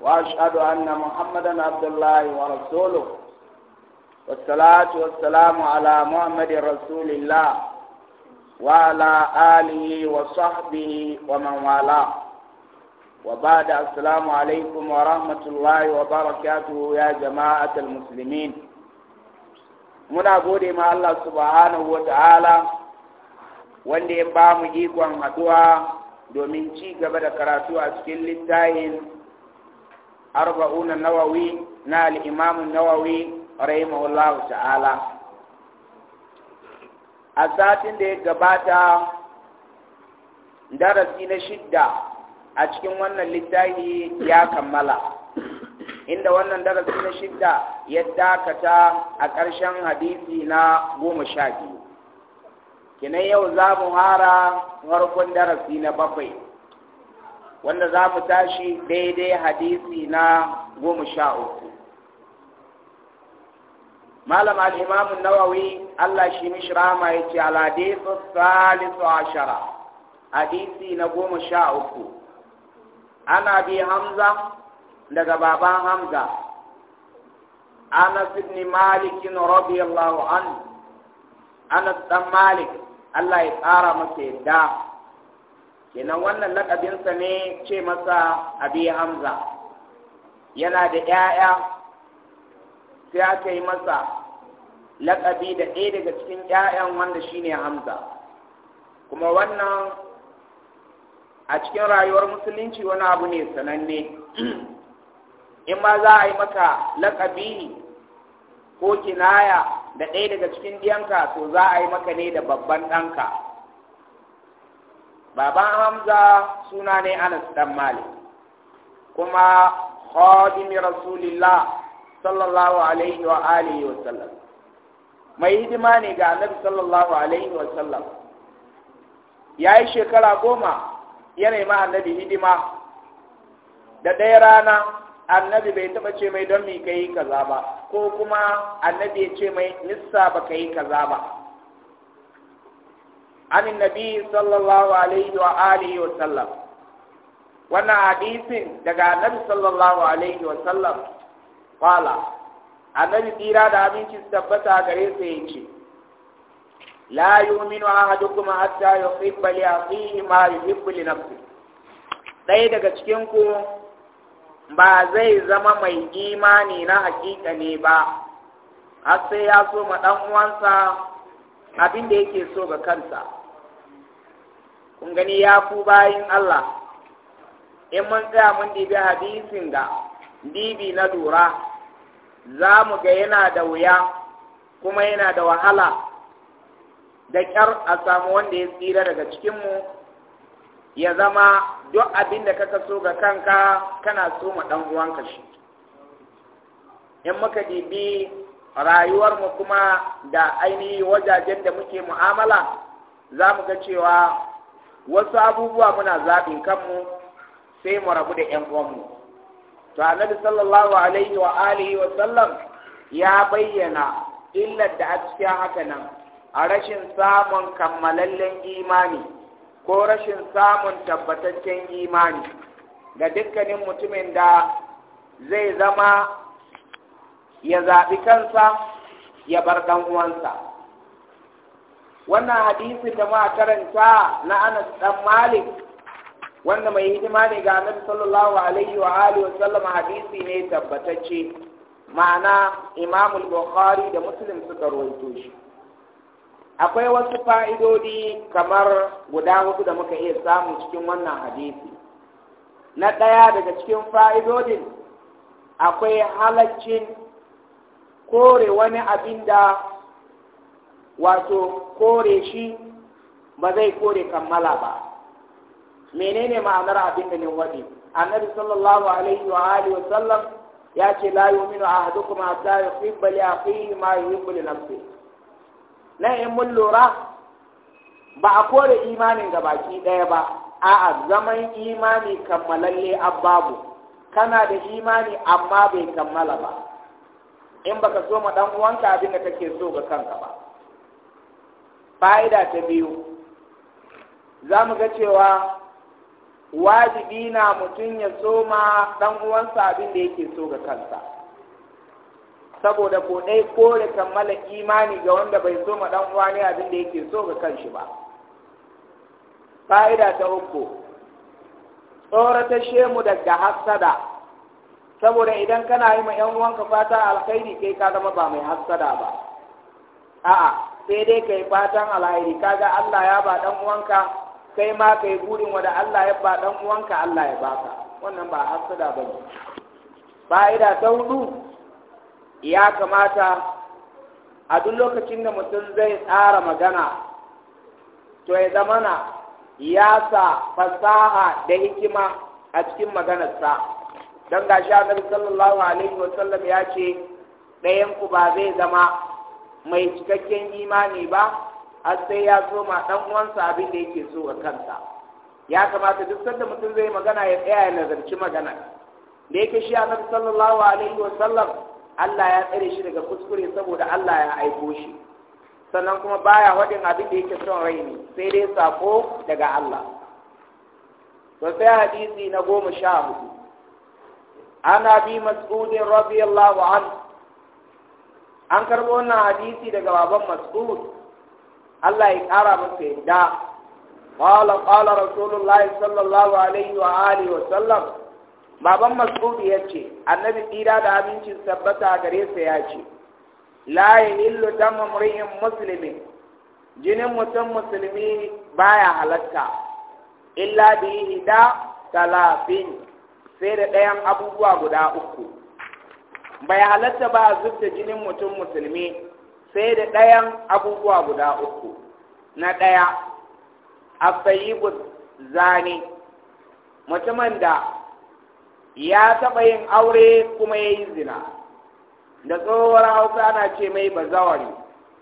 وأشهد أن محمدا عبد الله ورسوله والصلاة والسلام على محمد رسول الله وعلى آله وصحبه ومن والاه وبعد السلام عليكم ورحمة الله وبركاته يا جماعة المسلمين muna gode ma Allah subhanahu wa ta'ala wanda ya ba mu ikon haduwa domin ci gaba da karatu a cikin littayin arba'una nawawi na al-imam nawawi rahimahullahu ta'ala a satin da ya gabata darasi na shidda a cikin wannan littafi ya kammala inda wannan darasi na shidda ya dakata a ƙarshen hadisi na goma sha biyu kinan yau za mu hara farkon darasi na bakwai wanda za mu tashi daidai hadisi na goma sha uku malam al'imamun nawawi allah shi mishirama ya ce aladisu salisu ashara hadisi na goma sha uku ana bi hamza daga baban hamza anas malikin malik radiyallahu an ana dan malik allah ya tsara masa yadda kenan wannan lakabinsa ne ce masa abi hamza yana da 'ya'ya sai aka yi masa lakabi da ɗaya daga cikin 'ya'yan wanda shine hamza kuma wannan a cikin rayuwar musulunci wani abu ne sananne in ma za a yi maka lakabi ko kinaya da ɗaya daga cikin ɗiyanka to za a yi maka ne da babban ɗanka baban hamza suna ne anas dan malik kuma khadimi rasulillah sallallahu alaihi wa alihi wa sallam mai hidima ne ga annabi sallallahu alaihi wa sallam ya yi shekara goma ya nema annabi hidima da ɗaya rana annabi bai taɓa ce mai don mi ka kaza ba ko kuma annabi ya ce mai nissa ba ka yi kaza ba عن النبي صلى الله عليه وآله وسلم وانا حديث دقى النبي صلى الله عليه وسلم قال النبي تيرا دامين تستبتا قريسة يجي لا يؤمن أحدكم حتى يحب لأخيه ما يحب لنفسه ɗaya daga cikinku ba zai zama mai imani na hakika ne ba har sai ya so ma ɗan uwansa abin da yake so ga kansa kun gani ya ku bayin Allah in mun tsaya mun dibi hadisin ga dibi na lura za mu ga yana da wuya kuma yana da wahala da kyar a samu wanda ya tsira daga cikinmu ya zama duk abin da kaka so ga kanka kana so ma ɗan uwanka shi in muka dibi rayuwarmu kuma da ainihi wajajen da muke mu'amala za mu ga cewa wasu abubuwa muna zaɓin kanmu sai mu rabu da ƴan uwanmu to annabi sallallahu alaihi wa alihi wa sallam ya bayyana illar da a cikin haka nan a rashin samun kammalallen imani ko rashin samun tabbataccen imani ga dukkanin mutumin da zai zama ya zaɓi kansa ya bar ɗan uwansa wannan hadisin da ma karanta na Anas dan Malik wanda mai hidima ne ga Annabi sallallahu alaihi wa alihi wasallam hadisi ne tabbatacce ma'ana Imam al-Bukhari da Muslim suka rawaito shi akwai wasu fa'idodi kamar guda hudu da muka iya samu cikin wannan hadisi na ɗaya daga cikin fa'idodin akwai halaccin kore wani abin da wato kore shi ba zai kore kammala ba menene ma'anar abin da ne wadi annabi sallallahu alaihi wa alihi wa sallam ya ce la yu'minu ahadukum hatta yuhibba li akhihi ma yuhibbu li nafsihi na in mun lura ba a kore imanin gabaki daya ba a'a zaman imani kammalalle ababu kana da imani amma bai kammala ba in baka so ma dan uwanka abin da kake so ga kanka ba fa'ida ta biyu za mu ga cewa wajibi na mutum ya soma ɗan uwansa abin da yake so ga kansa saboda ko ɗai kore kammala imani ga wanda bai soma ɗan uwa ne abin da yake so ga kanshi ba fa'ida ta uku tsoratashe shemu daga hassada saboda idan kana yi ma 'yan uwanka fata alkhairi kai ka zama ba mai hassada ba a'a sai dai kai fatan alhairi kaga Allah ya ba dan uwanka kai ma kai burin wanda Allah ya ba dan uwanka Allah ya baka wannan ba hasada bane fa'ida ta hudu ya kamata a duk lokacin da mutum zai tsara magana to ya zamana ya sa fasaha da hikima a cikin maganarsa don gashi annabi sallallahu alaihi wasallam ya ce ɗayan ku ba zai zama mai cikakken imani ba har sai ya so ma dan uwansa abin da yake so ga kansa ya kamata duk sanda mutum zai magana ya tsaya ya nazarci magana da yake shi annabi sallallahu alaihi wa sallam Allah ya tsare shi daga kuskure saboda Allah ya aiko shi sannan kuma baya wadin abin da yake son rai ne sai dai sako daga Allah to sai hadisi na goma sha hudu an abi mas'udin radiyallahu anhu an karɓo wannan hadisi daga baban mas'ud Allah ya ƙara masa yadda qala qala rasulullahi sallallahu alaihi wa alihi wa sallam baban mas'ud yace annabi tsira da amincin tabbata gare sa yace la yahillu damu mri'in muslimin jinin mutum musulmi baya halatta illa bi hida talafin sai da ɗayan abubuwa guda uku bai halatta ba a zub jinin mutum musulmi sai da ɗayan abubuwa guda uku na ɗaya a zane mutumin da ya taɓa yin aure kuma ya yi zina da tsohuwar hausa ana ce mai bazawari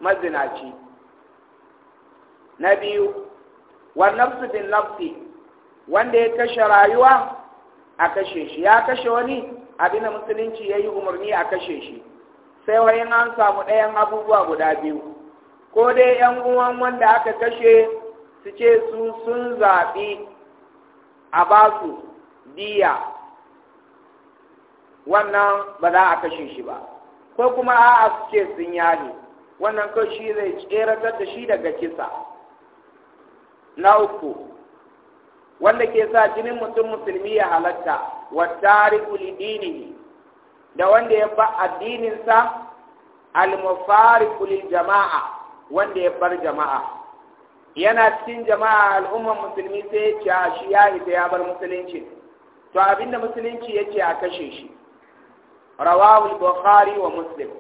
mazinaci na biyu wannan su bin nafsi wanda ya kashe rayuwa a kashe shi ya kashe wani abin da musulunci ya yi umarni a kashe shi sai wani an samu ɗayan abubuwa guda biyu ko dai yan uwan wanda aka kashe su ce su sun zaɓi a ba su diya wannan ba za a kashe shi ba ko kuma a'a su ce sun yahi wannan kawai shi zai tseratar da shi daga kisa na uku wanda ke sa jinin mutum musulmi ya halatta wa tariku dinihi da wanda ya ba addininsa al-mufariqu lil jama'a wanda ya bar jama'a yana cikin jama'a al'ummar musulmi sai ya ce shi ya ita ya bar musulunci to abinda musulunci ya a kashe shi rawahu bukhari wa muslim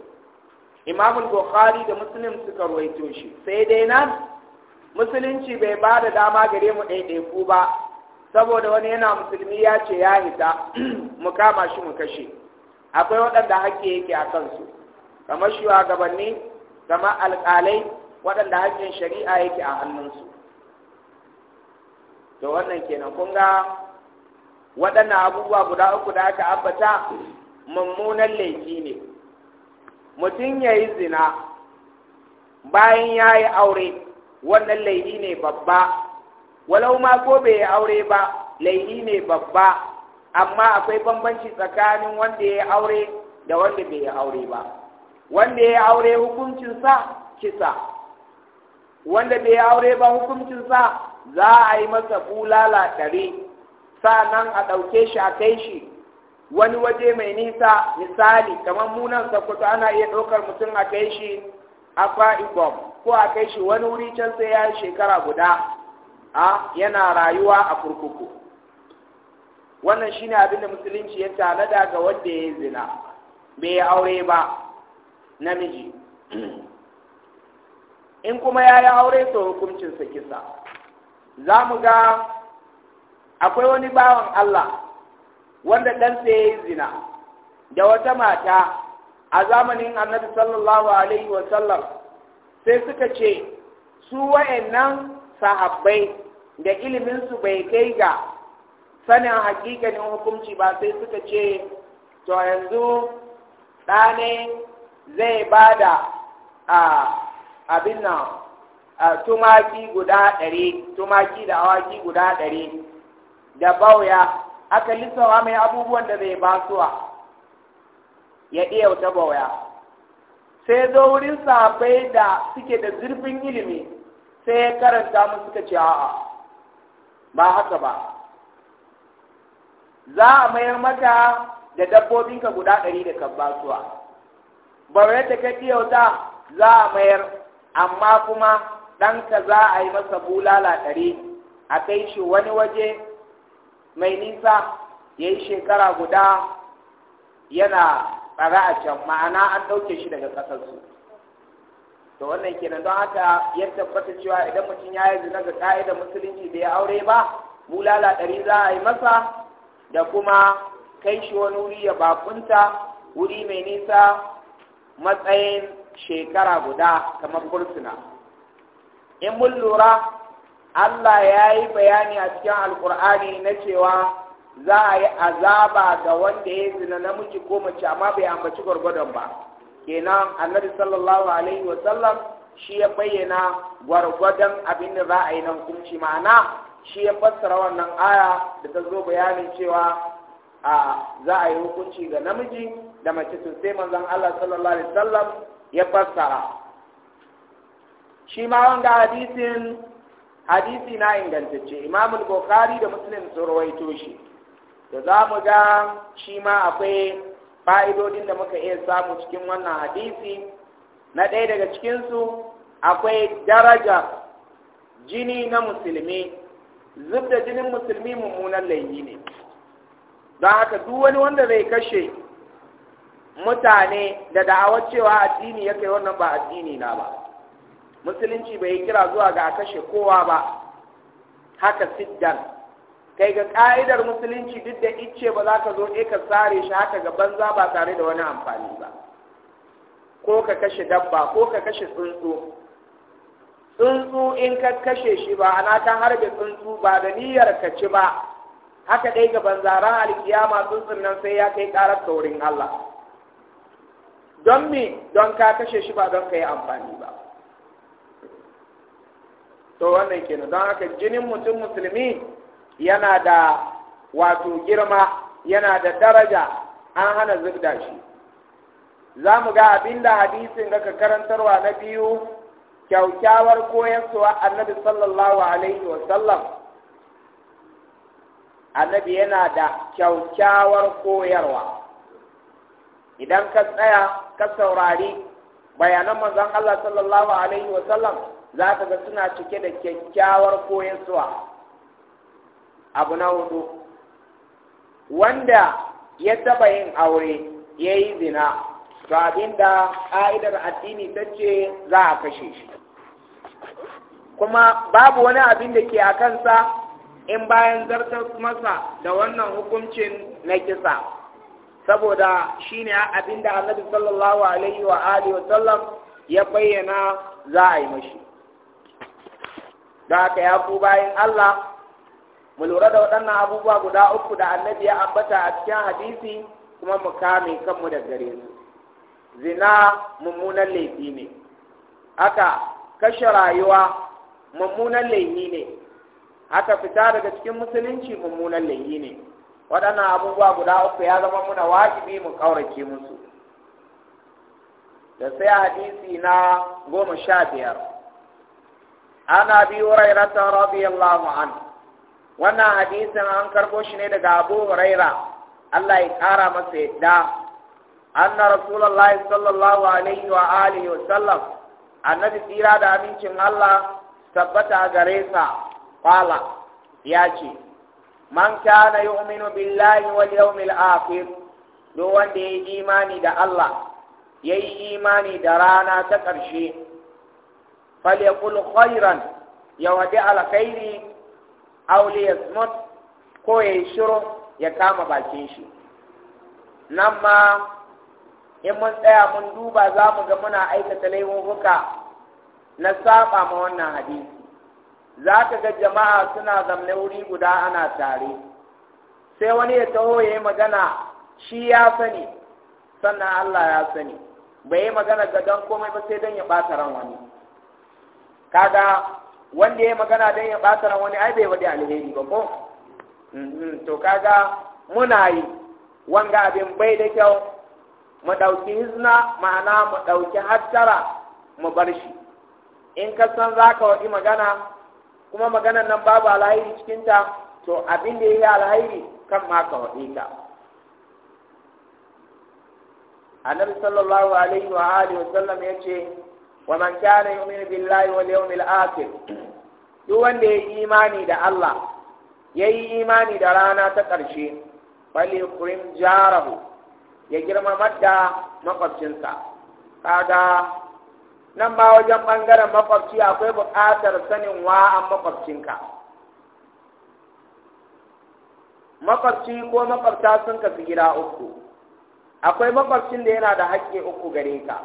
imam bukhari da muslim suka ruwaito shi sai dai nan musulunci bai ba da dama gare mu ɗaiɗaiku ba saboda wani yana musulmi ya ce ya hita mu kama shi mu kashe akwai waɗanda haƙƙi yake a kansu kamar shugabanni kamar alƙalai waɗanda haƙƙin shari'a yake a hannunsu to wannan kenan kun ga waɗannan abubuwa guda uku da aka ambata mummunan laifi ne mutum ya yi zina bayan ya yi aure wannan laifi ne babba walau ma ko bai aure ba laihi ne babba amma akwai bambanci tsakanin wanda ya aure da wanda bai yi aure ba wanda ya aure hukuncinsa kisa wanda bai yi aure ba hukuncinsa za a yi masa bulala ɗari nan a ɗauke shi a kai shi wani waje mai nisa misali kamar munan sakkwato ana iya ɗaukar mutum a kai shi akwa ibom ko a kai shi wani wuri can sai ya yi shekara guda a yana rayuwa a kurkuku wannan shine abin da musulunci ya tanada ga wanda ya zina bai aure ba namiji in kuma ya yi aure to hukuncinsa kisa za mu ga akwai wani bawan Allah wanda ɗansa ya yi zina da wata mata a zamanin annabi sallallahu alaihi wasallam sai suka ce su wa'annan sahabbai da iliminsu bai kai ga sanin hakikanin hukunci ba sai suka ce to yanzu ɗane zai ba da abin nan tumaki guda ɗari tumaki da awaki guda ɗari da bauya aka lissawa mai abubuwan da zai suwa ya iya wata bauya sai zo wurin safai da suke da zurfin ilimi sai ya karanta mu suka ce a'a ba haka ba za a mayar mata da dabbobinka guda ɗari da kan ba baure da ka ɗiyauta za a mayar amma kuma ɗanka za a yi masa bulala ɗari a kai shi wani waje mai nisa ya yi shekara guda yana tsara a can ma'ana an ɗauke shi daga ƙasarsu to wannan kenan don haka ya tabbata cewa idan mutum ya yi zina ga ka'idar musulunci bai aure ba bulala ɗari za a yi masa da kuma kai shi wani wuri ya bakunta wuri mai nisa matsayin shekara guda kamar kursuna in mun lura Allah ya yi bayani a cikin alkur'ani na cewa za a yi azaba ga wanda ya zina namiji ko mace amma bai ambaci gwargwadon ba kenan annabi sallallahu alaihi wa sallam shi ya bayyana gwargwadon abin da za a yi na hukunci ma'ana shi ya fassara wannan aya da ta zo bayanin cewa a za a yi hukunci ga namiji da mace to sai manzon Allah sallallahu alaihi wasallam ya fassara shi ma wanda hadisin hadisi na ingantacce Imam al-Bukhari da Muslim sun rawaito shi da za mu ga shi ma akwai fa'idodin da muka iya samu cikin wannan hadisi na ɗaya daga cikinsu akwai daraja jini na musulmi zub da jinin musulmi mummunan laifi ne don haka duk wani wanda zai kashe mutane da da'awar cewa addini ya kai wannan ba addini na ba musulunci bai kira zuwa ga a kashe kowa ba haka siddan kai ga ka'idar musulunci duk da ice ba za ka zo e ka tsare shi haka ga banza ba tare da wani amfani ba ko ka kashe dabba ko ka kashe tsuntsu tsuntsu in ka kashe shi ba ana kan harbe tsuntsu ba da niyyar ka ci ba haka dai ga banzaran alkiyama tsuntsun nan sai ya kai karar wurin Allah don me don ka kashe shi ba don ka yi amfani ba to wannan kenan don haka jinin mutum musulmi yana da wato girma yana da daraja an hana zubda shi za mu ga abin da hadisin daga karantarwa na biyu kyaukyawar koyarsuwa annabi sallallahu alaihi wasallam annabi yana da kyaukyawar koyarwa idan ka tsaya ka saurari bayanan manzon Allah sallallahu alaihi wasallam za ka ga suna cike da kyakkyawar koyarsuwa abu na hudu wanda ya taba yin aure ya yi zina to abinda ƙa'idar addini ta ce za a kashe shi kuma babu wani abin da ke a kansa in bayan zartar masa da wannan hukuncin na kisa saboda shi ne abin da annabi sallallahu alaihi wa alihi wa sallam ya bayyana za a yi mashi da aka yaku bayan Allah mu lura da waɗannan abubuwa guda uku da annabi ya ambata a cikin hadisi kuma mu kame kanmu da gare su zina mummunan laifi ne haka kashe rayuwa mummunan laifi ne haka fita daga cikin musulunci mummunan laifi ne waɗannan abubuwa guda uku ya zama muna wajibi mu ƙaurace musu da sai hadisi na goma sha biyar ana biyu rairata radiyallahu anhu wannan hadisin an karbo shi ne daga Abu Huraira Allah ya kara masa yadda anna rasulullahi sallallahu alaihi wa alihi wa sallam annabi tsira da amincin Allah tabbata gare sa fala ya ce man kana yu'minu billahi wal yawmil akhir Do wanda ya imani da Allah yayi imani da rana ta ƙarshe falyakul khairan ya wadi alkhairi auli yasmut ko ya yi shiru ya kama bakin shi nan ma in mun tsaya mun duba za mu ga muna aikata laifin huka na saba ma wannan hadisi za ka ga jama'a suna zamne wuri guda ana tare sai wani ya taho ya yi magana shi ya sani sannan Allah ya sani bai yi magana ga don komai ba sai don ya ɓata ran wani kaga wanda ya magana don ya ɓata ran wani ai bai wadi alheri ba ko mhm, to kaga muna yi wanga abin bai da kyau mu ɗauki hizna ma'ana mu ɗauki hattara mu bar shi in ka san za ka waɗi magana kuma maganan nan babu alhairi cikinta to abin da ya yi alhairi kan ma ka waɗi ta annabi sallallahu alaihi wa alihi wa sallam ya ce wa man kana yu'minu billahi wal yawmil akhir duk wanda ya yi imani da Allah ya yi imani da rana ta ƙarshe fali kurim jarahu ya girma da makwabcinsa kaga nan ba wajen bangaren makwaci akwai buƙatar sanin wa'an makwabcinka makwabci ko makwabta sun kasu gida uku akwai makwabcin da yana da haƙƙi uku gare ka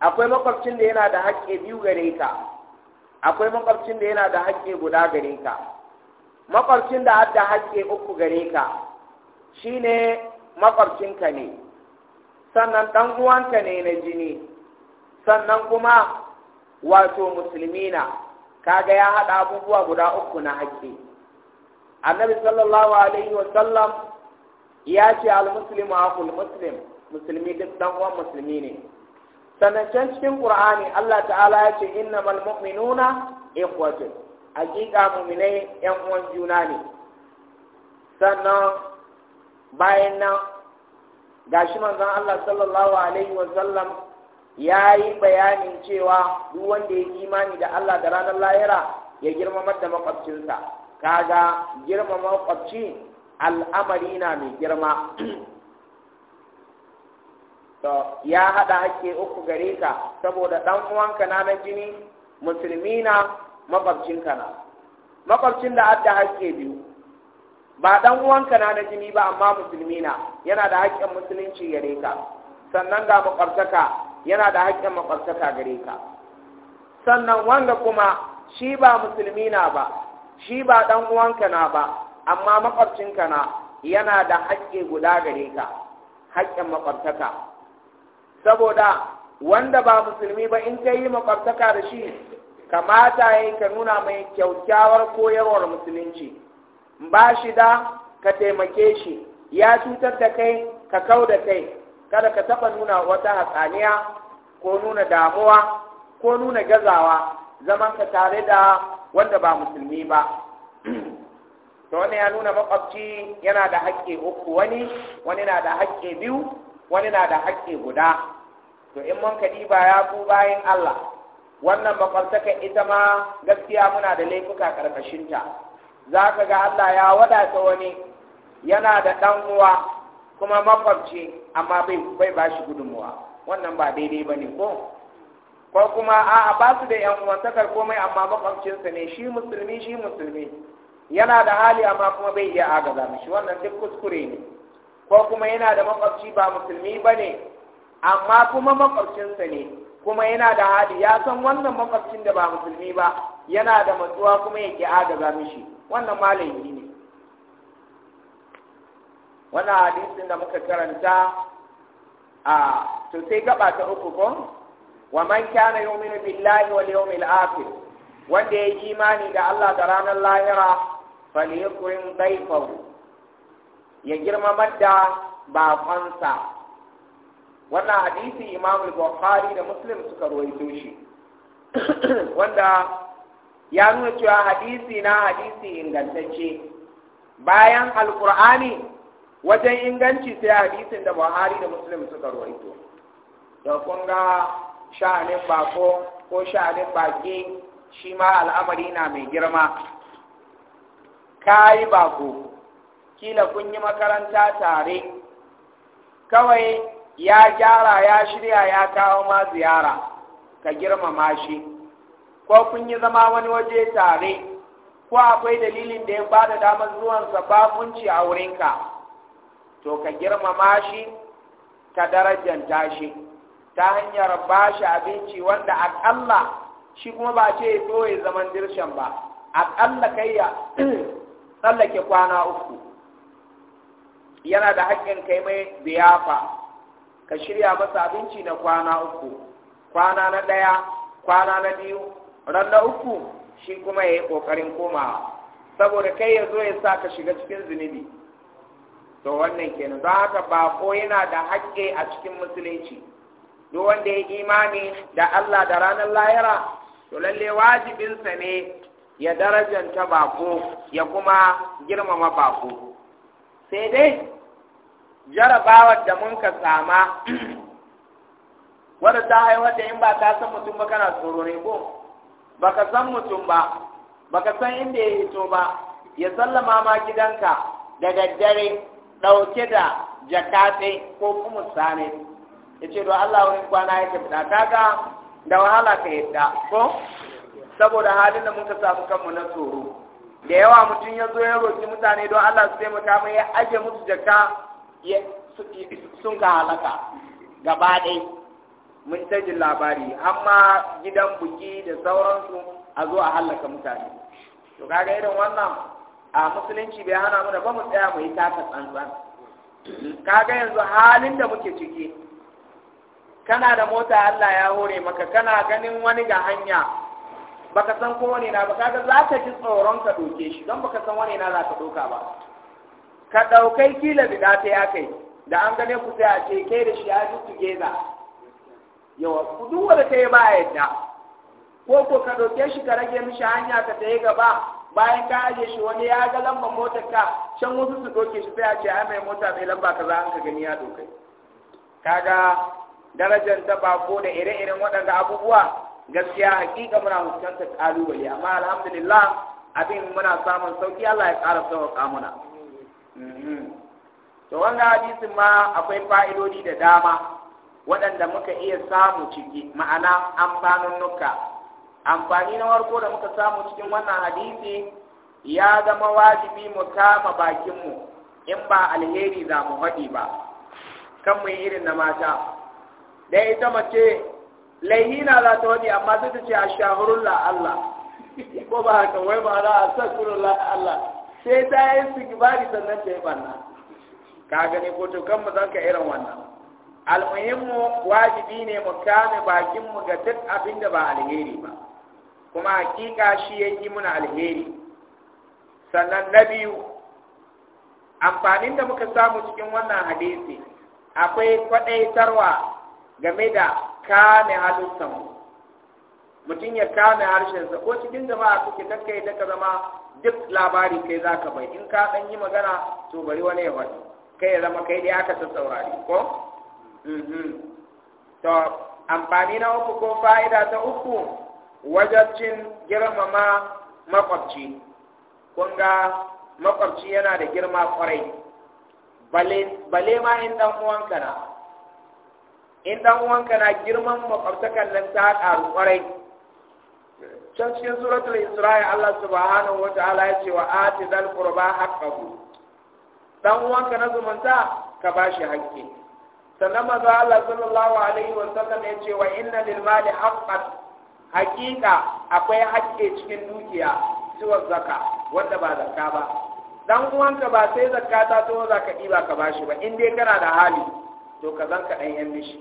akwai makwabcin da yana da haƙƙe biyu gare ka akwai makwabcin da yana da haƙƙe guda gare ka makwabcin da har da haƙƙi uku gare ka shine makwabcinka ne sannan ɗan uwanka ne na jini sannan kuma wato musulmi na kaga ya haɗa abubuwa guda uku na haƙƙe annabi sallallahu alaihi wa Sallam, ya ce al-muslimu akul muslim musulmi duk ɗan uwan musulmi ne sannan can cikin ƙur'ani Allah ta'ala ya ce innamal mu'minuna ikhwatun hakika mu'minai yan uwan juna ne sannan bayan nan gashi manzon Allah sallallahu alaihi wa sallam ya yi bayanin cewa duk wanda ya imani da Allah da ranar lahira ya girmama da maƙwabcinsa. kaga girmama makwabci al'amari na mai girma to ya haɗa hakke uku gare ka saboda ɗan uwanka na na jini musulmi na ka na makwabcin da adda hakke biyu ba ɗan uwanka na na jini ba amma musulmi na yana da haƙƙin musulunci gare ka sannan ga makwabtaka yana da haƙƙin makwabtaka gare ka sannan wanda kuma shi ba musulmi na ba shi ba ɗan uwanka na ba amma ka na yana da haƙƙi guda gare ka haƙƙin makwabtaka saboda wanda ba musulmi ba in kai yi makwabtaka da shi kamata ya yi ka nuna mai kyaukyawar koyarwar musulunci ba shi da ka taimake shi ya cutar da kai ka kau da kai kada ka taɓa nuna wata hatsaniya ko nuna damuwa ko nuna gazawa zaman ka tare da wanda ba musulmi ba to wannan ya nuna makwabci yana da haƙƙi uku wani wani na da haƙƙi biyu wani na da haƙƙi guda to in mun ka ba ya ku bayan Allah wannan makwabtaka ita ma gaskiya muna da laifuka ƙarƙashinta za ka ga Allah ya wadata wani yana da ɗan uwa kuma makwabci amma bai bai ba shi gudunmuwa wannan ba daidai ba ne ko ko kuma a'a ba su da yan uwantakar komai amma makwabcinsa ne shi musulmi shi musulmi yana da hali amma kuma bai iya agaza mishi wannan duk kuskure ne ko kuma yana da makwabci ba musulmi ba ne amma kuma makwabcinsa ne kuma yana da hali ya san wannan makwabcin da ba musulmi ba yana da matsuwa kuma ya ƙi agaza mishi wannan malami ne wannan hadisin da muka karanta a to sai gaba ta uku ko wa man kana yu'minu billahi wal yawmil akhir wanda ya yi imani da Allah da ranar lahira falyukrim dayfahu ya girmamar da bakonsa wannan hadisi imam al bukhari da muslim suka rawaito shi wanda ya nuna cewa hadisi na hadisi ingantacce bayan alkur'ani wajen inganci sai hadisin da buhari da muslim suka rawaito da kun ga sha'anin bako ko sha'anin baki shi ma al'amari na mai girma ka yi bako kila kun yi makaranta tare kawai ya gyara ya shirya ya kawo ma ziyara ka girmama shi ko kun yi zama wani waje tare ko akwai dalilin da ya ba da damar zuwansa ci a wurinka to ka girmama shi ka darajanta shi ta hanyar ba shi abinci wanda aƙalla shi kuma ba ce ya ya zaman dirshan ba aƙalla kai ya tsallake kwana uku yana da haƙƙin kai mai biyafa ka shirya masa abinci na kwana uku kwana na ɗaya kwana na biyu ran na uku shi kuma ya yi ƙoƙarin komawa saboda kai ya zo ya sa ka shiga cikin zunubi to wannan kenan don haka bako yana da haƙƙi a cikin musulunci duk wanda ya imani da Allah da ranar lahira to lalle wajibinsa ne ya darajanta bako ya kuma girmama bako sai dai jarabawar da mun ka sama wadda ta haihuwa da in ba ta san mutum ba kana tsoro ne ko ba ka san mutum ba ba ka san inda ya hito ba ya sallama ma gidanka da daddare ɗauke da jakate ko kuma sane ya ce don Allah wani kwana yake fita kaga da wahala ka yadda ko saboda halin da muka samu kanmu na tsoro da yawa mutum ya zo ya roki mutane don Allah su taimaka mai ya aje musu jaka sun ka halaka gaba ɗai mun taji labari amma gidan buki da sauransu a zo a halaka mutane to kaga irin wannan a musulunci bai hana mu ba mu tsaya mu yi taka tsantsan kaga yanzu halin da muke ciki kana da mota Allah ya hore maka kana ganin wani ga hanya baka san ko wani na ba kaga za ka ji tsoron ka doke shi don baka san wani na za ka doka ba ka ɗaukai kila bi ta ya kai da an gane ku sai a ce kai da shi ya ji together yawa ku duk wanda ta yi ba yadda ko ko ka ɗauke shi ka rage mishi hanya ka ta yi gaba bayan ka aje shi wani ya ga lambar motar ka can wasu su doke shi sai a ce ai mai mota mai lamba kaza an ka gani ya dokai kaga darajar ta bako da ire-iren waɗanda abubuwa gaskiya hakika muna fuskantar ƙalubale, amma alhamdulillah abin muna samun sauki Allah ya ƙara sauƙa muna to wannan hadisin ma akwai fa'idodi da dama waɗanda muka iya samu ciki ma'ana amfanin nuka amfani na warko da muka samu cikin wannan hadisi ya zama wajibi mu kama bakinmu in ba alheri za mu haɗi ba kan mu irin na mata da ita mace na za ta haɗi amma sai ta ce a shahurullah Allah ko ba haka wai ba za a sakurullah Allah sai ta yi su sigibari sannan ta yi banna ka gani ko to kan mu zan ka irin wannan almuhimmu wajibi ne mu kame bakin mu ga duk abin da ba alheri ba kuma hakika shi ya yi muna alheri sannan na biyu amfanin da muka samu cikin wannan hadisi akwai kwaɗaitarwa game da kame halittanmu mutum ya kame harshensa ko cikin jama'a suke kakkai da ka zama duk labari kai za ka bai in ka ɗan yi magana to bari wani ya wani kai ya zama kai dai aka ta saurari ko mhm. to amfani na uku ko fa'ida ta uku wajabcin girmama makwabci kun ga makwabci yana da girma kwarai bale ma in ɗan uwanka na in ɗan uwanka na girman makwabtakan nan ta ƙaru kwarai can cikin suratul isra'i Allah subhanahu wa ta'ala ya ce wa ati dal qurba haqqahu dan uwanka na zumunta ka bashi haƙƙi sannan manzo Allah sallallahu alaihi wa sallam ya ce wa inna lil mali haqqan haƙiƙa akwai haƙƙi cikin dukiya siwa zakka wanda ba zakka ba dan uwanka ba sai zakka ta to zaka diba ka bashi ba in dai kana da hali to ka zanka dan yan mishi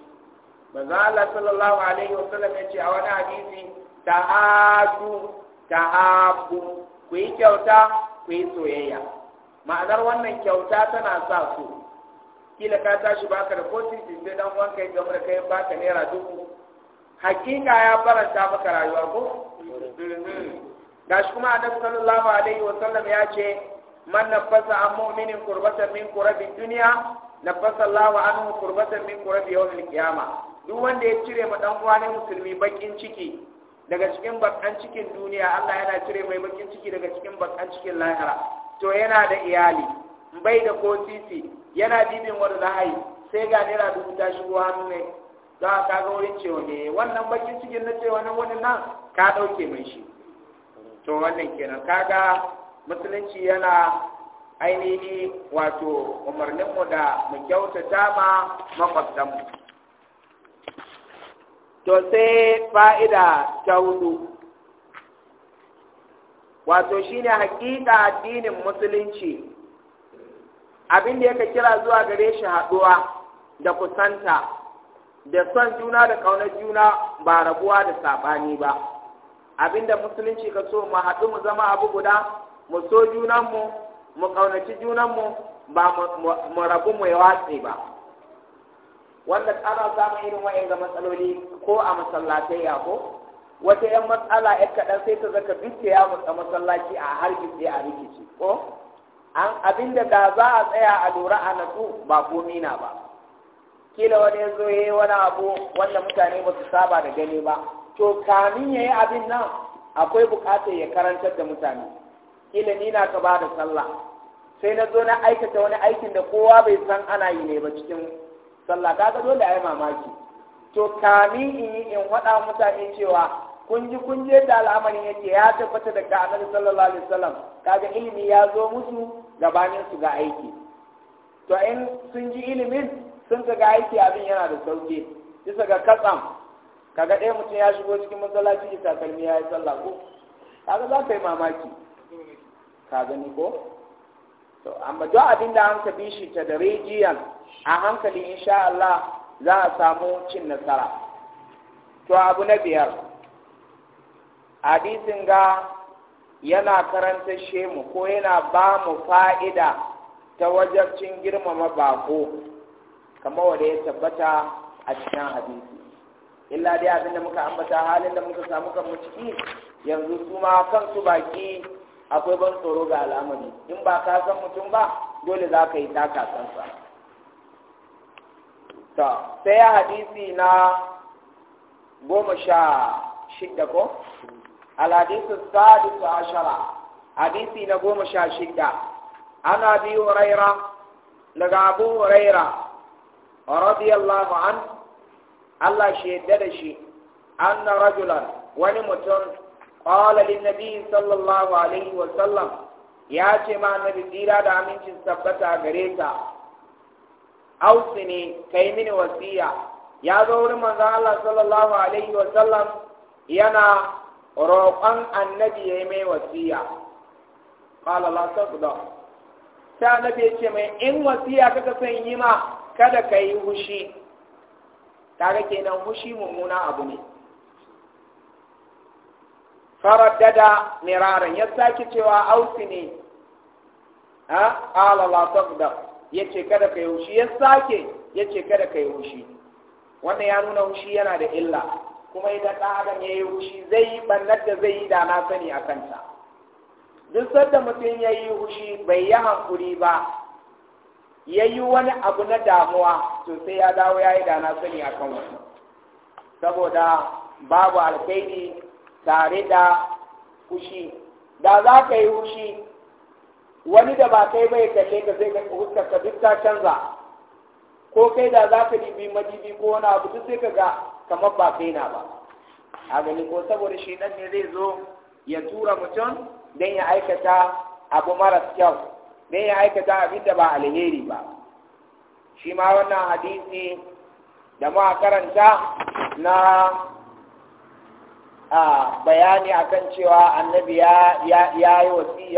manzo Allah sallallahu alaihi wa sallam ya ce a wani hadisi ta'adu ta'abu ku yi kyauta ku yi soyayya ma'anar wannan kyauta tana sa su. kila ka tashi baka da kotu sai dan uwan kai game da kai baka naira dubu hakika ya faranta maka rayuwa ko gashi kuma annabi sallallahu alaihi wa sallam ya ce man nafasa an mu'minin qurbatan min qurabi dunya nafasa Allahu anhu qurbatan min qurabi al qiyamah duk wanda ya cire ma dan uwa ne musulmi bakin ciki daga cikin bakan cikin duniya Allah yana cire mai bakin ciki daga cikin bakan cikin lahira to yana da iyali bai da ko titi yana bibin wanda za a yi sai ga naira dubu ta shigo hannu ne za a kaga wurin cewa ne wannan bakin cikin na cewa nan wani nan ka dauke mai shi to wannan kenan kaga musulunci yana ainihi wato umarninmu da mu kyautata ma makwabtanmu to sai fa'ida ta hudu wato shine haƙiƙa addinin musulunci abin da yake kira zuwa gare shi haɗuwa da kusanta da son juna da ƙaunar juna ba rabuwa da saɓani ba abin da musulunci ka so mu haɗu mu zama abu guda mu so junanmu mu ƙaunaci junanmu ba mu rabu mu ya watse ba wanda ana samun irin wa'in ga matsaloli ko a masallatai ya ko wata yan matsala ya kaɗan sai ta zaka bice ya mutsa masallaci a hargitse a rikici ko an abinda da za a tsaya a lura a natsu ba komi na ba kila wani ya zo yayi wani abu wanda mutane ba su saba da gani ba to kamin yayi abin nan akwai buƙatar ya karantar da mutane kila ni na ka ba da sallah sai na zo na aikata wani aikin da kowa bai san ana yi ne ba cikin sallah kaga dole ai mamaki to kami in yi in wada mutane cewa kun ji kun je da al'amarin yake ya tabbata daga annabi sallallahu alaihi wasallam kaga ilimi ya zo musu gabanin su ga aiki to in sun ji ilimin sun ga aiki abin yana da sauki bisa ga katsam kaga ɗaya mutum ya shigo cikin masallaci da takalmi ya yi sallah ko kaga za ka yi mamaki ka gani ko to amma duk abin da an ka bi shi ta da rijiyan a hankali insha Allah za a samu cin nasara to abu na biyar hadisin ga yana karanta shemu ko yana ba mu fa'ida ta wajen cin girmama bako kamar wanda ya tabbata a cikin hadisi illa dai abinda muka ambata halin da muka samu kanmu ciki yanzu su ma kansu baki akwai ban tsoro ga al'amari in ba ka san mutum ba dole za ka yi taka kansa ta sai hadisi na goma sha shidda ko alhadisu sadisu ashara hadisi na goma sha shidda ana bi huraira daga abu huraira radiyallahu an Allah shi yadda da shi anna rajulan wani mutum qala lin nabi sallallahu alaihi wa sallam ya ce ma nabi tsira da amincin tabbata gare ta ausini kai mini wasiya ya zo wurin manzon Allah sallallahu alaihi wa sallam yana roƙon annabi ya yi mai wasiya qala la taqda sai annabi ya ce mai in wasiya kaka son yi ma kada ka yi hushi kaga kenan hushi mummuna abu ne Faradada miraran ya sake cewa ausini ha qala la taqda ya ce kada ka yi hushi ya sake ya ce kada ka yi hushi wannan ya nuna hushi yana da illa kuma idan ɗan adam ya yi hushi zai yi ɓannar da zai yi da na sani a kanta duk sanda mutum ya yi hushi bai yi hankuri ba ya yi wani abu na damuwa to sai ya dawo ya yi da na sani a kan wani saboda babu alkhairi tare da hushi da za ka yi hushi wani da ba kai bai kashe ka sai ka huskar ka duk ta canza ko kai da za ka dibi madidi ko wani abu duk sai ka ga kamar ba kai na ba a gani ko saboda shi nan ne zai zo ya tura mutum don ya aikata abu maras kyau don ya aikata abin da ba alheri ba shi ma wannan hadisi da ma karanta na A bayani akan cewa annabi ya yi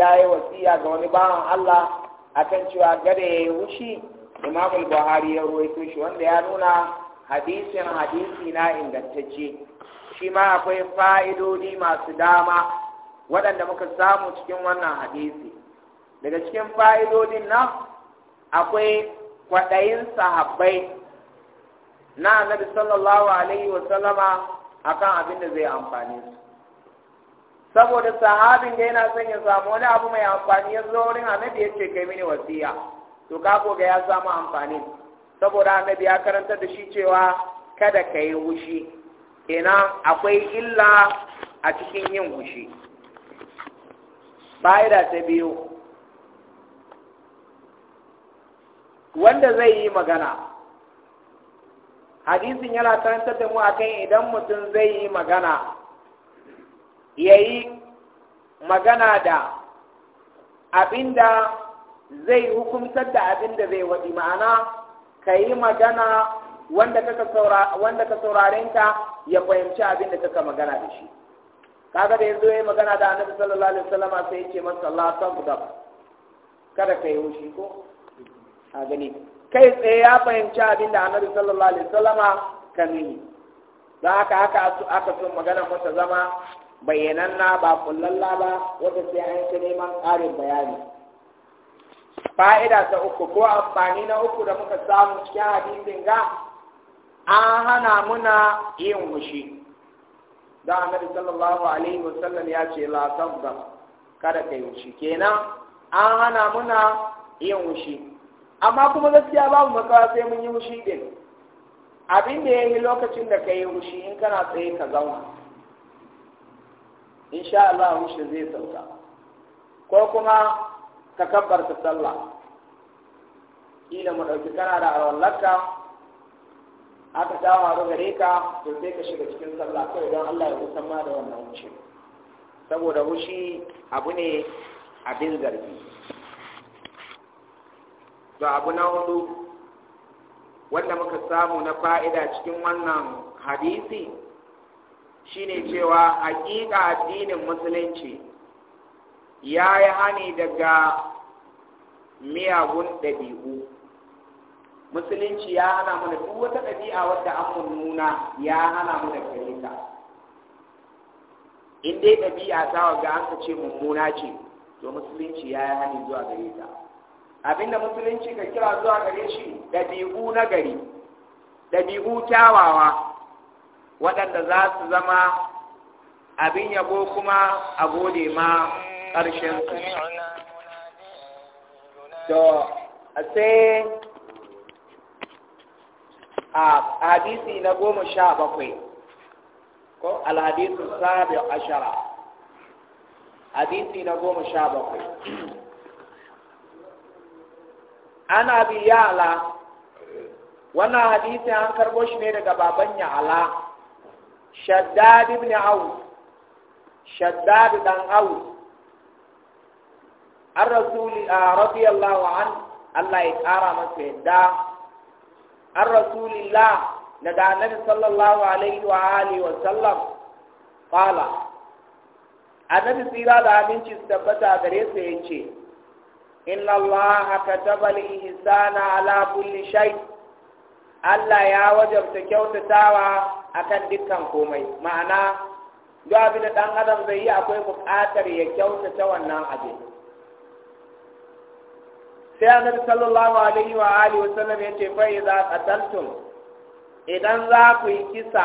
ya ga wani bawan Allah a kan cewa gada ya yi wushi imamul buhari ya ruwaito shi wanda ya nuna hadisin hadisi na ingantacce shi ma akwai fa'idodi masu dama waɗanda muka samu cikin wannan hadisi daga cikin fa'idodin nan akwai kwaɗayin sahabbai na annabi sallallahu alaihi wasallama akan abin da zai amfani su saboda sahabin da yana son ya samu wani abu mai amfani ya zo wurin annabi ya ce kai mini wasiya to ka ga ya samu amfani saboda annabi ya karanta da shi cewa kada ka yi wushi kenan akwai illa a cikin yin wushi fa'ida ta biyu wanda zai yi magana hadisin yana karantar da mu akan idan mutum zai yi magana ya yi magana da abinda zai hukumtar da abinda zai waɗi ma'ana ka yi magana wanda ka sauraren ka ya fahimci abinda kaka magana da shi kaga da yanzu ya yi magana da annabi sallallahu alaihi wasallam sai ya ce masa Allah ta kada ka yi hushi ko a gani kai tsaye ya fahimci abin da annabi sallallahu alaihi wasallama yi. da haka haka aka son magana mata zama bayyananna ba kullalla ba wata sai an ci neman ƙarin bayani fa'ida ta uku ko amfani na uku da muka samu cikin hadisin ga an hana muna yin wushi da annabi sallallahu alaihi wasallam ya ce la tabda kada kai wushi kenan an hana muna yin wushi amma kuma gaskiya babu matsawa sai mun yi mushi din abin da ya yi lokacin da ka yi mushi in kana tsaye ka zauna sha Allah mushi zai sauka ko kuma ka kabbarta sallah kila mu ɗauki kana da alwallarka aka dawo a gare ka to sai ka shiga cikin sallah kawai don Allah ya kusan ma da wannan mushi saboda mushi abu ne abin zargi to abu na hudu wanda muka samu na fa'ida cikin wannan hadisi shine cewa hakika addinin musulunci ya yi hani daga miyagun ɗabi'u musulunci ya hana mana duk wata ɗabi'a wadda an nuna ya hana mana da in dai ɗabi'a ta waga an ce mummuna ce to musulunci ya yi hani zuwa gare abinda musulunci ka kira zuwa gare shi bihu na gari bihu kyawawa waɗanda za su zama abin yabo kuma a gode ma ƙarshen su sai a hadisi na goma sha bakwai ko alhadisun sabi ashara hadisi na goma sha bakwai bi ya Ala. wannan hadisi an karbo shi ne daga baban ala shaddad ibn aus shaddad dan aus an rasuli radiyallahu an Allah ya kara masa yadda an rasulillah daga annabi sallallahu alaihi wa alihi wa sallam qala annabi tsira da aminci su tabbata gare sa yace inna allaha kataba al-ihsana ala kulli shay Allah ya wajabta kyautatawa akan dukkan komai ma'ana duk abin da dan adam zai yi akwai buƙatar ya kyautata wannan abin sai annabi sallallahu alaihi wa alihi wa sallam ya ce fa idza qataltum idan za ku yi kisa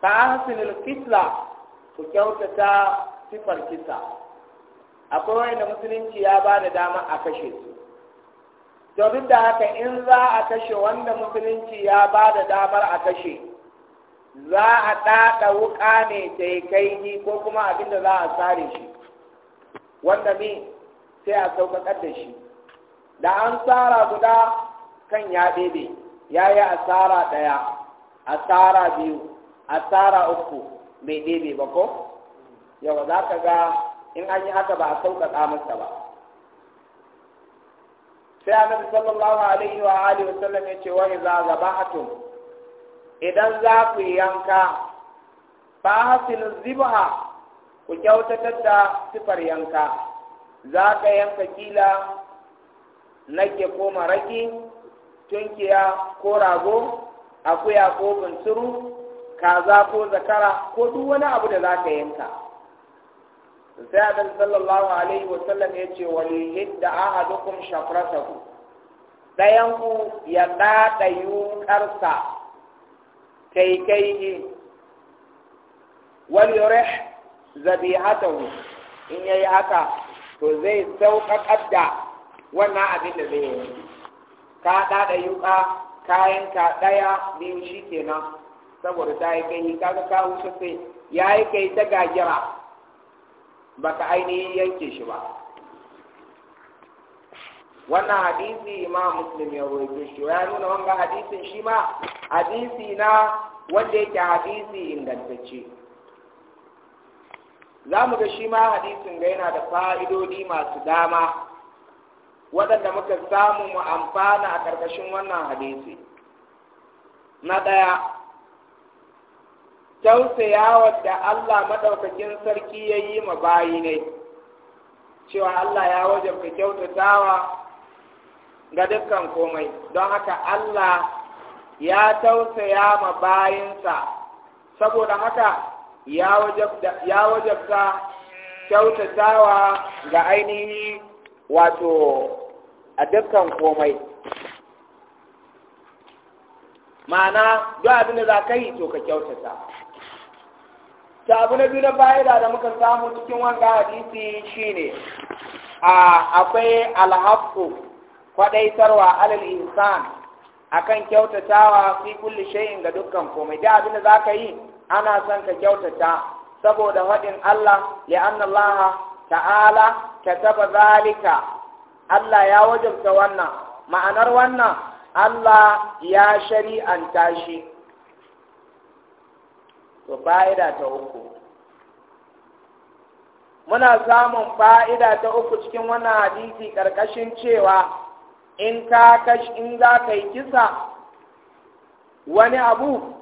fa ahsinul kisla ku kyautata sifar kisa akwai wanda musulunci ya ba da dama a kashe su domin da haka in za a kashe wanda musulunci ya ba da damar a kashe za a ɗaɗa wuƙa ne ta yi kai ni ko kuma abinda za a sare shi wanda me sai a sauƙaƙar da shi da an tsara guda kan ya ɗebe ya yi asara ɗaya asara biyu asara uku mai ɗebe ba ko Yau za ka ga in an yi haka ba a sauƙaƙa masa ba sai nan sallallahu alaihi wa alihi wa sallam ya ce wa idza zabahatum idan za ku yanka fa hasilu zibha ku kyautatar da sifar yanka za ka yanka kila nake ko maraki tunkiya ko rago akuya ko bunsuru kaza ko zakara ko duk wani abu da za ka yanka sai annabi sallallahu alaihi wa sallam ya ce wani yadda ahadukum shafratahu dayan ku ya ɗaɗa yunƙarsa kai kai wal yurih zabihatahu in yi haka to zai sauƙaƙar da wannan abin da zai yi ka ɗaɗa yuka kayan ka daya biyu kenan saboda ta yi kai kaga ka wuce sai yi kai ta gajira baka ainihin yanke shi ba wannan hadisi imam muslim ya roƙe shi ya nuna wanga hadisin shi ma hadisi na wanda yake hadisi ingantacce za mu ga shi ma hadisin ga yana da fa'idodi masu dama waɗanda muka samu mu amfana a ƙarƙashin wannan hadisi na ɗaya Tausaya da Allah maɗaukakin sarki ya yi ma bayi ne cewa Allah ya wajabta kyautatawa ga dukkan komai don haka Allah ya tausaya ma bayinsa saboda haka ya wajabta kyautatawa ga ainihi wato a dukkan komai ma'ana duk abin da za ka yi to ka kyautata ta abu na biyu na fa'ida da muka samu cikin wanga hadisi shine a akwai alhaqqu kwadaitarwa alal insan akan kyautatawa fi kulli shay'in ga dukkan komai da abin da ka yi ana son ka kyautata saboda haɗin Allah li'anna Allah ta'ala kataba zalika Allah ya wajabta wannan ma'anar wannan Allah ya shari'anta shi to fa'ida ta uku muna samun fa'ida ta uku cikin wannan hadisi ƙarƙashin cewa in ka kashi in za ka yi kisa wani abu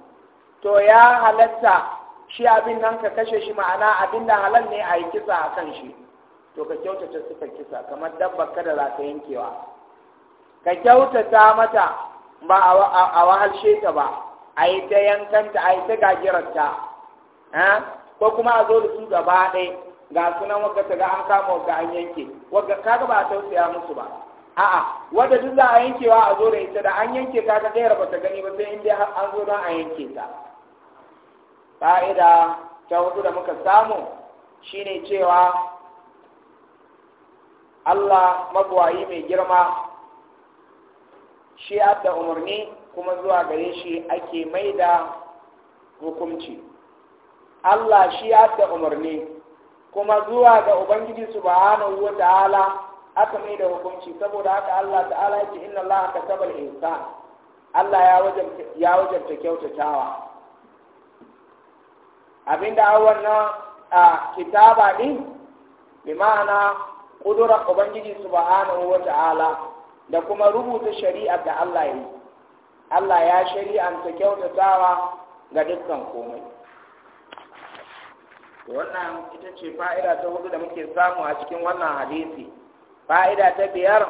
to ya halatta shi abin nan ka kashe shi ma'ana abin da halal ne a yi kisa a kan shi to ka kyautata suka kisa kamar dabbar kada za ka yankewa ka kyautata mata ba a wahalshe ta ba a yi ta yankanta a yi ta gagirarta ko kuma a zo da su gaba ɗaya ga sunan waka ta ga an kama ga an yanke wagga kaga ba a tausaya musu ba a'a wadda duk za a yankewa a zo da ita da an yanke kaga ɗaya ba ta gani ba sai in dai an zo don a yanke ta fa'ida ta hudu da muka samu shine cewa Allah magwayi mai girma shi da umarni kuma zuwa gare shi ake mai da hukunci Allah shi ya ta umarni kuma zuwa ga Ubangiji subhanahu wa ta'ala aka mai da hukunci saboda haka Allah ta'ala yake inna Allah ka al insa Allah ya wajarta ya kyautatawa abinda a wannan a kitaba din bi ma'ana kudura Ubangiji subhanahu wa ta'ala da kuma rubuta shari'a da Allah ya yi Allah ya shari'anta kyautatawa ga dukkan komai wannan ita ce fa'ida ta hudu da muke samu a cikin wannan hadisi fa'ida ta biyar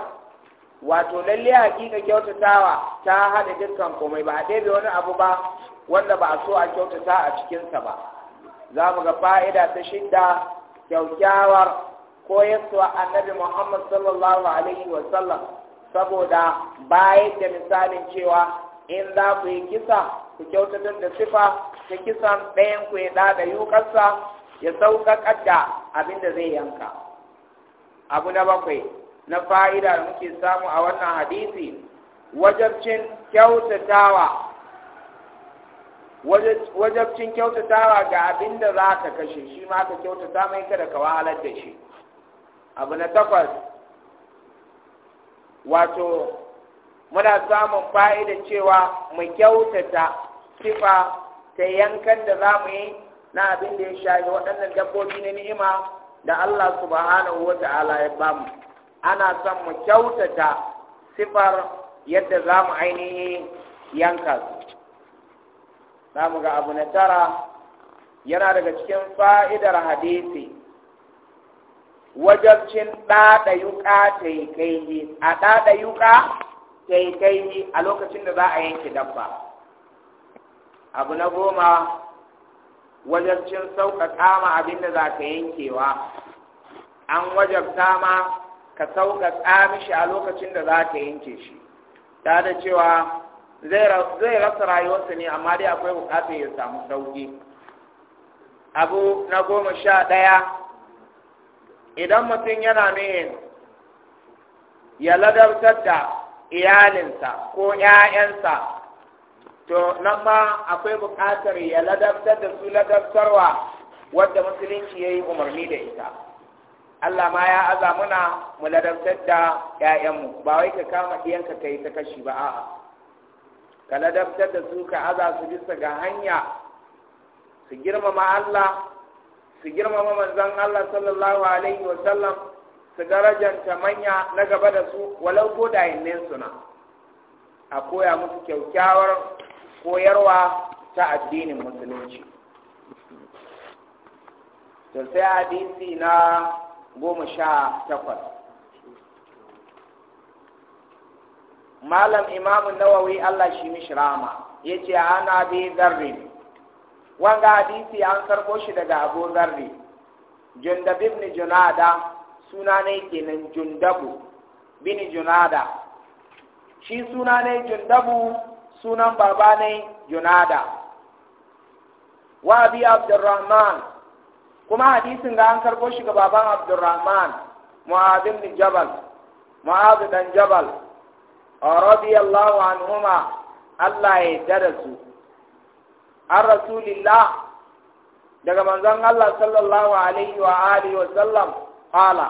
wato lalle hakika kyautatawa ta hada dukkan komai ba a ɗebe wani abu ba wanda ba a so a kyautata a cikinsa ba za mu ga fa'ida ta shidda kyaukyawar koyarwa annabi muhammad sallallahu alaihi wasallam saboda bayan da misalin cewa in za ku yi kisa ku kyautatar da sifa ta kisan ɗayan ku ya da yukarsa ya sauƙaƙa da abin da zai yanka abu na bakwai na fa'ida da muke samu a wannan hadisi wajabcin kyautatawa wajabcin kyautatawa ga abin da za ka kashe shi ma ka kyautata mai kada ka wahalar da shi abu na takwas wato muna samun fa'ida cewa mu kyautata sifa ta yankan da za mu yi na abin da ya shafi waɗannan dabbobi na ni'ima da Allah subhanahu wa ta'ala ya mu ana son mu kyautata sifar yadda za mu ainihi yanka su za mu ga abu na tara yana daga cikin fa'idar hadisi wajabcin ɗaɗa yuƙa ta yi kai a ɗaɗa yuƙa daidai a lokacin da za a yanke dabba abu na goma wajabcin sauƙaƙa ma abin da za ka yankewa an wajabta ma ka sauƙaƙa mishi a lokacin da za ka yanke shi ta da cewa zai rasa rayuwarsa ne amma dai akwai buƙatar ya samu sauƙi abu na goma sha ɗaya idan mutum yana nuhin ya ladabtar da iyalinsa ko ‘ya'yansa, to nan ma akwai buƙatar ya ladabtar da su ladabtarwa wadda musulunci ya yi umarni da ita. Allah ma ya aza muna mu ladabtar da ‘ya'yanmu, ba wai ka kama ɗiyanka ka yi ta kashi ba a'a. Ka ladabtar da su ka aza su bisa ga hanya su girmama Allah, su girmama manzon Allah sallallahu alaihi wa sallam su darajanta manya na gaba da su walau ko da suna a koya musu kyaukyawar koyarwa ta addinin musulunci to sai hadisi na goma sha takwas malam imamu nawawi allah shi rama, ya ce ana bi zarri wanga hadisi an karɓo shi daga abu zarri jundab ibn junada suna ne kenan jundabu bini junada shi suna ne jundabu sunan baba ne junada wa abi abdurrahman kuma hadisin ga an karbo shi ga baban abdurrahman mu'adh bin jabal mu'adh dan jabal radiyallahu anhuma Allah ya darasu ar an rasulillah daga manzon Allah sallallahu alaihi wa alihi wa sallam qala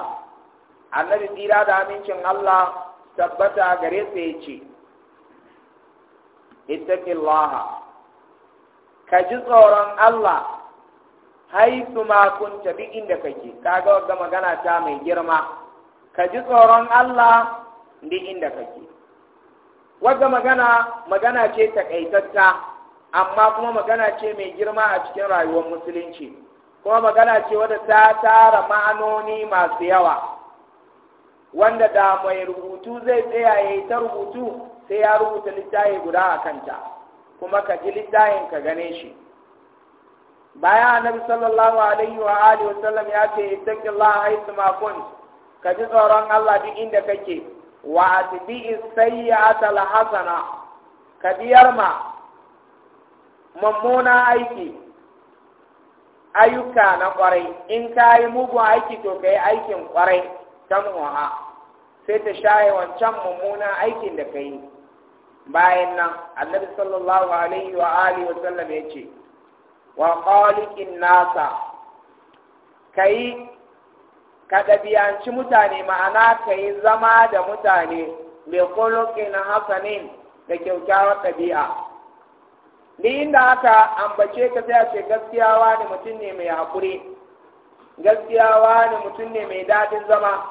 annabi tira da amincin Allah tabbata gare sa yace ittaqillaha ka ji tsoron Allah haitu ma kunta duk inda kake kaga wanda magana ta mai girma ka ji tsoron Allah duk inda kake wanda magana magana ce takaitatta amma kuma magana ce mai girma a cikin rayuwar musulunci kuma magana ce wadda ta tara ma'anoni masu yawa wanda da mai rubutu zai tsaya ya yi ta rubutu sai ya rubuta littafi guda a kanta kuma ka ji littafin ka gane shi baya annabi sallallahu alaihi wa alihi wa sallam ya ce ittaqillaha haythu ma kunt ka ji tsoron Allah duk inda kake wa atbi sayyi'ata al hasana ka biyar ma mummuna aiki ayyuka na kwarai in ka yi mugun aiki to ka yi aikin kwarai ha sai ta shaye wancan mummunan aikin da ka yi bayan nan annabi sallallahu alaihi wa alihi wa sallam ya ce wa qalikin nasa kai ka ɗabi'anci mutane ma'ana ka yi zama da mutane mai kolokin hasanin da kyaukyawar ɗabi'a ni inda aka ambace ka sai a ce gaskiyawa ne mutum ne mai haƙuri gaskiyawa ne mutum ne mai daɗin zama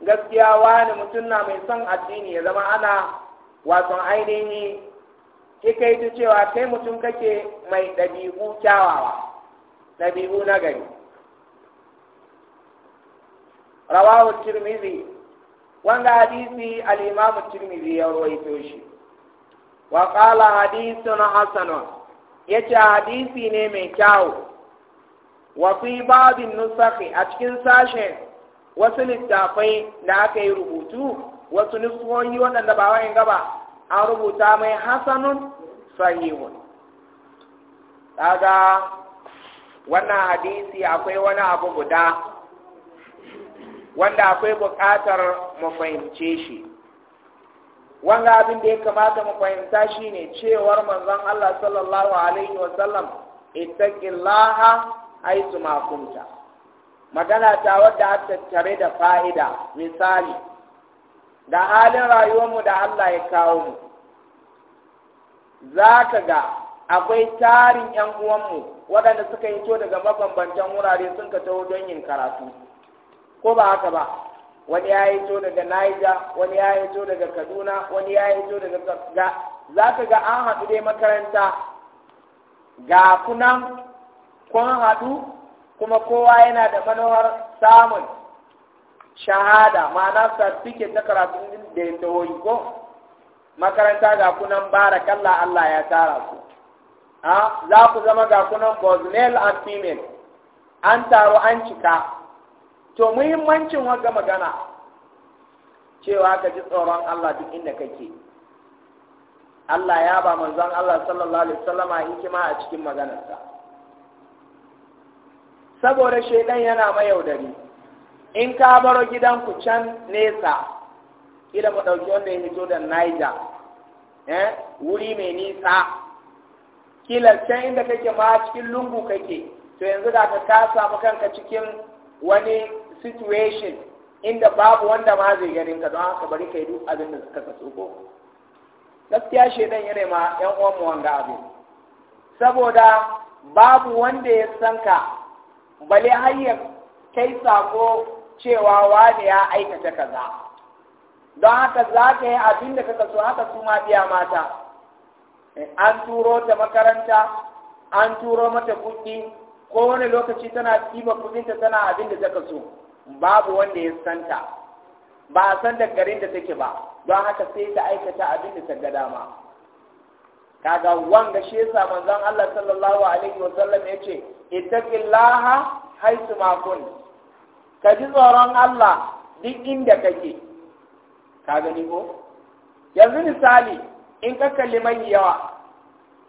gaskiyawa ne mutum na mai son addini ya zama ana wasan ainihi ta cewa kai mutum kake mai ɗabi'u kyawawa ɗabi'u na gari rawahu tirmizi wanda hadisi Alimamu tirmizi ya rawaito shi wa na hadithun ya yace hadisi ne mai kyau wa fi babin nusakhi a cikin sashen wasu littafai da aka yi rubutu wasu nufoyi waɗanda ba wayan gaba an rubuta mai hasanun sahihun kaga wannan hadisi akwai wani abu guda wanda akwai buƙatar mu fahimce shi wannan abin da ya kamata mu fahimta shine cewar manzon Allah sallallahu alaihi wa sallam ittaqillaha aitu ma kunta magana ta wadda tattare da fa'ida misali da halin rayuwarmu da Allah ya kawo mu za ka ga akwai tarin 'yan uwanmu waɗanda suka yi hito daga mabambantan wurare sun ka taho don yin karatu ko ba haka ba wani ya hito daga Niger wani ya hito daga Kaduna wani ya hito daga ga za ka ga an haɗu dai makaranta ga kunan kun haɗu kuma kowa yana da manuwar samun shahada ma'ana certificate na karatun da ya tawoyi ko makaranta ga kunan kalla Allah ya tara ku ah, za ku zama ga kunan both male and female an taru, an cika to muhimmancin wagga magana cewa ka ji tsoron Allah duk inda kake Allah ya ba manzon Allah sallallahu alaihi wasallama hikima a cikin maganarsa saboda shaidan yana mayaudari in ka baro gidanku can nesa ila mu ɗauki wanda ya hito da Niger eh wuri mai nisa kila can inda kake ma cikin lungu kake to yanzu da ka samu kanka cikin wani situation inda babu wanda ma zai ganin ka don haka bari kai duk abin da suka kaso ko gaskiya shi dan yare ma yan uwan mu wanga abin saboda babu wanda ya san ka bale ya kai sako cewa wani ya aikata kaza don haka za ka yi abin da kaka kaso haka su ma biya mata an turo ta makaranta an turo mata kuɗi ko wani lokaci tana tiba kuɗinta tana abin da ta so babu wanda ya santa ba a san da garin da take ba don haka sai ta aikata abin da ta ga dama kaga wanga shi yasa manzon Allah sallallahu alaihi wa sallam yace ittaqillaha haitsu ma kun ka ji tsoron Allah duk inda kake ka gani ko yanzu misali in ka kalli mai yawa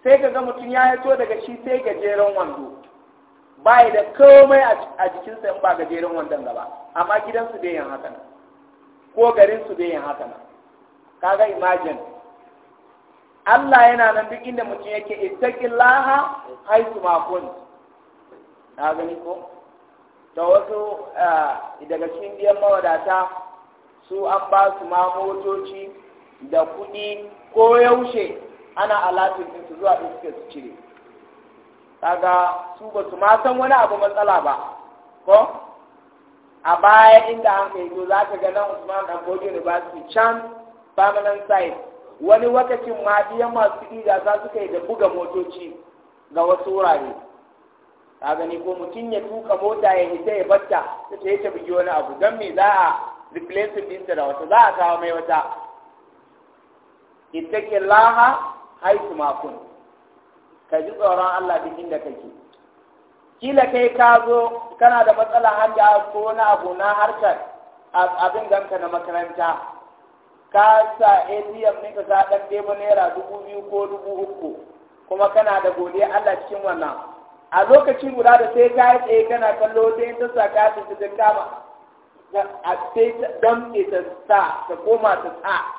sai ka ga mutum ya yato daga shi sai gajeren wando Ba bai da komai a jikinsa in ba gajeren wandon gaba amma gidansu bai yin haka nan ko garinsu bai yin haka nan kaga imajin Allah yana nan duk inda mutum yake ittaqillaha haitu ma kun na gani ko da wasu eh, daga cikin biyan mawadata su an ba su ma motoci da kuɗi ko yaushe ana alatin su zuwa iska su cire kaga su ba su ma san wani abu matsala ba ko a baya inda an kai to za ka ga nan Usman dan Bojo ne ba su can permanent site wani wakacin ma biya masu kuɗi za su kai da buga motoci ga wasu wurare ka gani ko mutum ya tuka mota ya hita ya batta ta ta ta bugi wani abu don me za a replace ɗinta da wata za a kawo mai wata ittaqillaha haythu ma makon. ka ji tsoron Allah duk inda kake kila kai ka zo kana da matsala hanya ko na abu na harkar abin ganka na makaranta ka sa ATM ne ka sa ɗebo naira dubu biyu ko dubu uku kuma kana da gode Allah cikin wannan a lokaci guda da sai ka yi tsaye kana kallo sai ta sa ka ta kama a sai ta ta sa ta koma ta sa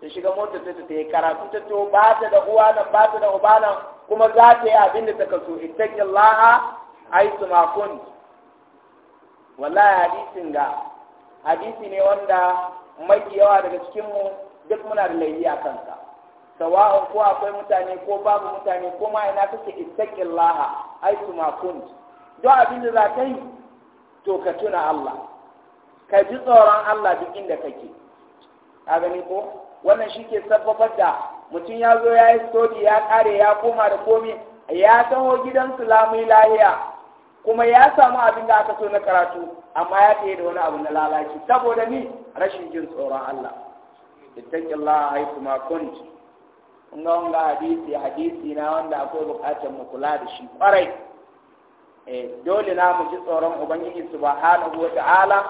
ta shiga mota ta ta yi karatu ta to ba ta da uwa nan ba ta da uba nan kuma za ta yi abin da ta kaso ittaqillaha su ma Wala wallahi hadisin ga hadisi ne wanda mafi yawa daga cikin mu duk muna da laifi a kansa sawa'un ko akwai mutane ko babu mutane ko ma ina kake laha, ai su makon don abin da za ka yi to ka tuna Allah ka ji tsoron Allah duk inda kake ka gani ko wannan shi ke sababar da mutum ya zo ya yi sodi ya kare ya koma da komi ya taho gidan sulamai lahiya kuma ya samu abin da aka so na karatu amma ya tsaye da wani abu na lalaci saboda ni rashin jin tsoron Allah ittaqillaha haythuma kunt kun ga wanga hadisi hadisi na wanda akwai bukatar mu kula da shi kwarai eh dole na mu ji tsoron ubangiji subhanahu ta'ala.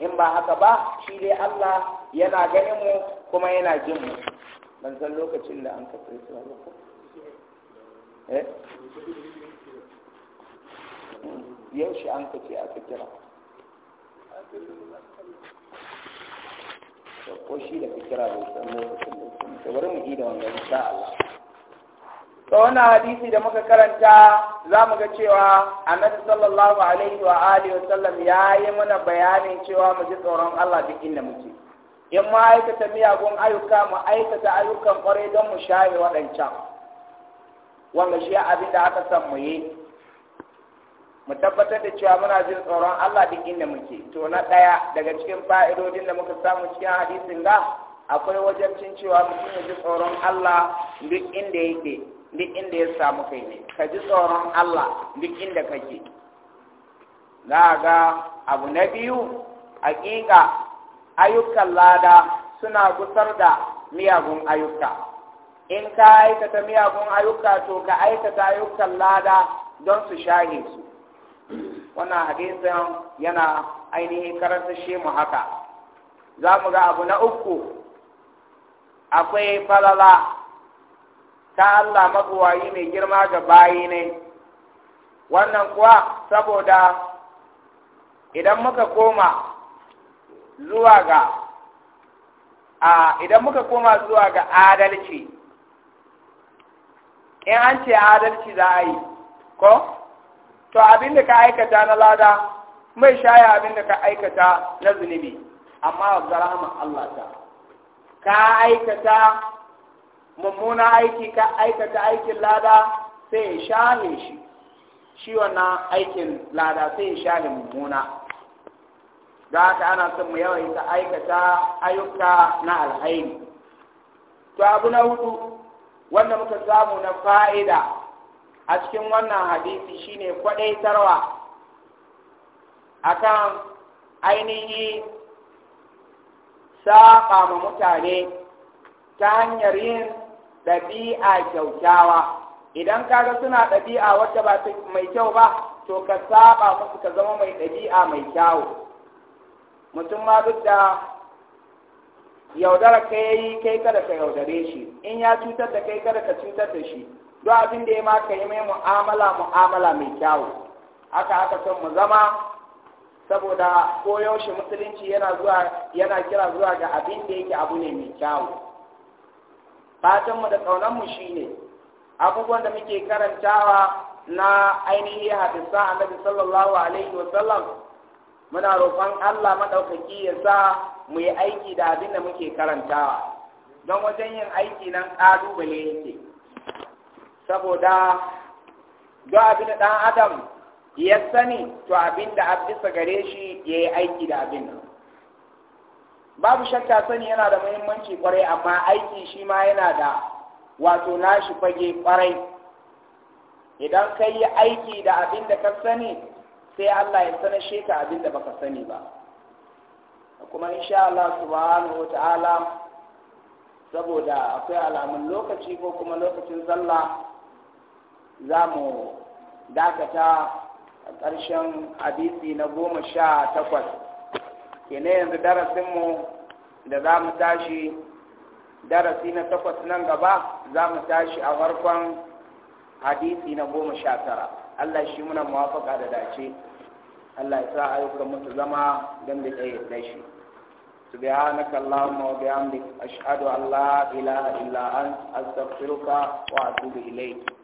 in ba haka ba shi dai Allah yana ganin mu kuma yana jin mu ban san lokacin da an kafa su ba eh yau shi an kace a kira to ko shi da kira bai san lokacin da bari mu yi da wannan insha Allah to wannan hadisi da muka karanta za mu ga cewa annabi sallallahu alaihi wa alihi wa sallam ya yi mana bayanin cewa mu ji tsoron Allah duk inda muke in ma miyagun ayyuka mu aikata ayyukan kwarai don mu shaye waɗancan wanda shi abin da aka san mu yi mu tabbatar da cewa muna jin tsoron Allah duk inda muke to na ɗaya daga cikin fa'idodin da muka samu cikin hadisin ga akwai wajen cin cewa mutum ya ji tsoron Allah duk inda yake duk inda ya samu kai ne ka ji tsoron Allah duk inda kake za ga abu na biyu hakika ayyukan lada suna gusar da miyagun ayyuka in ka aikata miyagun ayyuka to ka aikata ayyukan lada don su shahe su wannan hadisin yana ainihin karanta shi mu haka za mu ga abu na uku akwai falala ta Allah mabuwayi mai girma ga bayi ne wannan kuwa saboda idan muka koma zuwa ga a idan muka koma zuwa ga adalci in an ce adalci za a yi ko to abin da ka aikata na lada mai shaya abin da ka aikata na zunubi amma ga rahama Allah ta ka aikata mummuna aiki ka aikata aikin lada sai ya shahe shi shi wannan aikin lada sai ya shahe mummuna da haka ana son mu yawaita aikata ayyuka na alhaini to abu na hudu wanda muka samu na fa'ida a cikin wannan hadisi shine kwadaitarwa akan ainihi saƙa ma mutane ta hanyar yin ɗabi'a kyautawa. idan kaga suna ɗabi'a wacce ba mai kyau ba to ka saba musu ka zama mai ɗabi'a mai kyau. mutum ma duk da yaudara ka yi kai kada ka yaudare shi in ya cutar da kai kada ka cutar da shi don abin da ya ma ka yi mai mu'amala mu'amala mai kyawu haka aka son mu zama saboda koyaushe musulunci yana zuwa kira zuwa ga abin da yake abu ne mai kyawu fatanmu da mu shine abubuwan da muke karantawa na ainihi hadisa annabi sallallahu alaihi wa sallam muna roƙon Allah maɗaukaki ya sa mu yi aiki da abin da muke karantawa don wajen yin aiki nan ƙalubale yake saboda duk abin da ɗan adam ya sani to abin da a bisa gare shi ya yi aiki da abin nan babu shakka sani yana da muhimmanci kwarai amma aiki shi ma yana da wato nashi fage kwarai idan ka yi aiki da abin da ka sani sai Allah ya sanar shi ka abin da baka sani ba kuma insha Allah subhanahu wa saboda akwai alamun lokaci ko kuma lokacin zalla za mu dakata a ƙarshen hadisi na goma sha takwas kene yanzu darasinmu da za mu tashi darasi na takwas nan gaba za mu tashi a farkon hadisi na goma sha tara Allah shi muna muwafaka da dace Allah ya sa ayyukan mutu zama don da tsaye da shi سبحانك اللهم وبحمدك أشهد أن لا إله إلا أنت أستغفرك وأتوب إليك